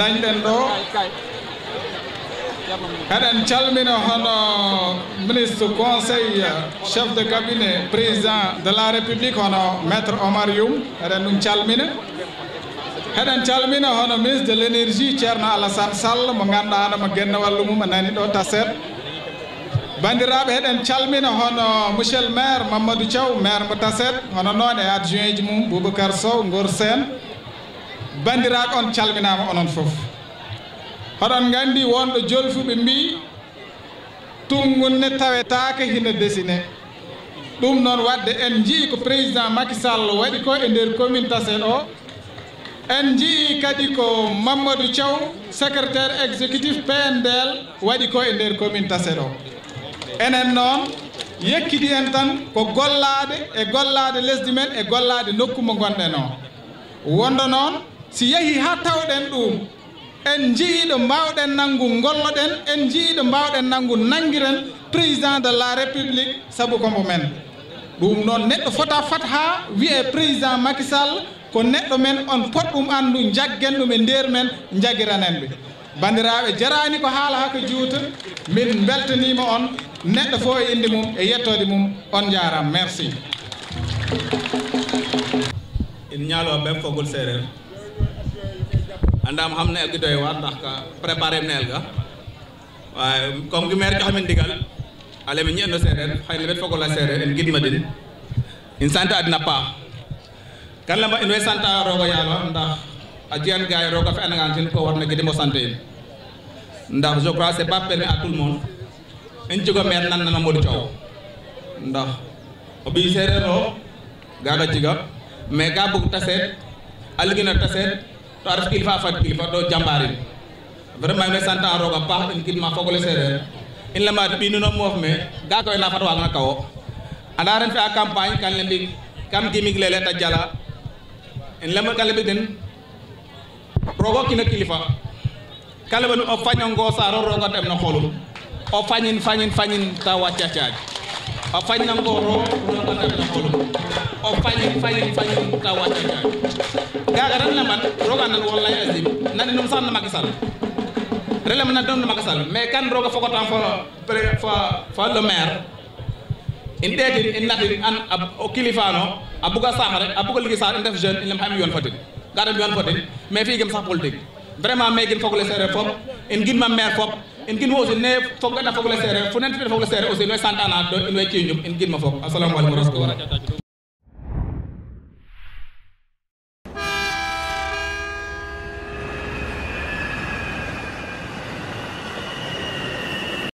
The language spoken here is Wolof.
dañɗen ɗo eɗen calmina hono ministre conseil chef de cabinet président de la république hono maître omar yum eɗen ɗum calmina heɗen calmina hono ministre de l' énergie ceerno alassane mo ganduɗa mo guenne wallu mum a nani ɗo taset bandiraɓe heɗen calmina hono monsieur maire mamadou thiaw maire mo taset hono noon e adjoint mum boubacar sow gor bandiraɓe on calminama onon foof hoɗon gandi wonɗo jolfuɓe mbi tungunne tawetake hina desine ɗum noon wadde en jii ko président makisall waɗi ko e nder commune tasen en jii kadi ko mamadou thiaw secrétaire exécutif pndl waɗi ko e nder commune tasen enen noon yekkidi en tan ko gollade e gollade lesdi men e gollade nokku mo gonɗen o wonda noon si yehi ha tawɗen ɗum en jii ɗo mbawɗen nanggu en jii ɗo mbawɗen nanggu nanguiren de la république saabu kombo men ɗum noon neɗɗo fota fat ha wiye président makisall ko neɗɗo men on pot ɗum andu jaggen ɗum e nder men jaggiranen ɓe bandiraɓe jarani ko haala hako juuta min beltanima on neɗɗo fo e inde mum on jaram merci andaam xam ne gi doy waar ndax ka préparé neel ga waaye comme gi maire coxamin ndigal ale mi ñi ando seereer xay lebet fogola seereer en gidma den in sant a den a paax kan lema in way sant a yàlla ndax a jegan gaay rooga fi mais ga bug ta seet a to a ref kilifa fad kilifa to jambarin me sant a roog a paax in gidma fogole sereer in lema ɓinuno moof me ga koy na fat waagna kawo anda ren a campagne kan kam gimig lele ta jala in lema kan den roogo kino kilifa ka leɓanu o faño ngosaaro rooga dem no xolum o fañin fañin fañin ta wacca caaj o fañ na Oh, nafolum o fañin fañin fañin ta wacca ñaan gaga ran lemban roga nan wallahi azim nani num sanna Macky Sall relem na dom Macky Sall mais kan a fokotan a fo fo le maire in ɗeetin in natin an o kilifano a buga saxare a buga ligi sax in def jeune in lem xam yoon fotin ga dem yoon fotin mais fi gem sax politique vraiment megin fogole sereer fop in gidma maire fop en gin wo aussi ne foggaɗa fogle seere fonenteɓe fogle seere aussi no sanɗana ɗo ene way ceñum en guinma fof assalamu aleykum warahmatullah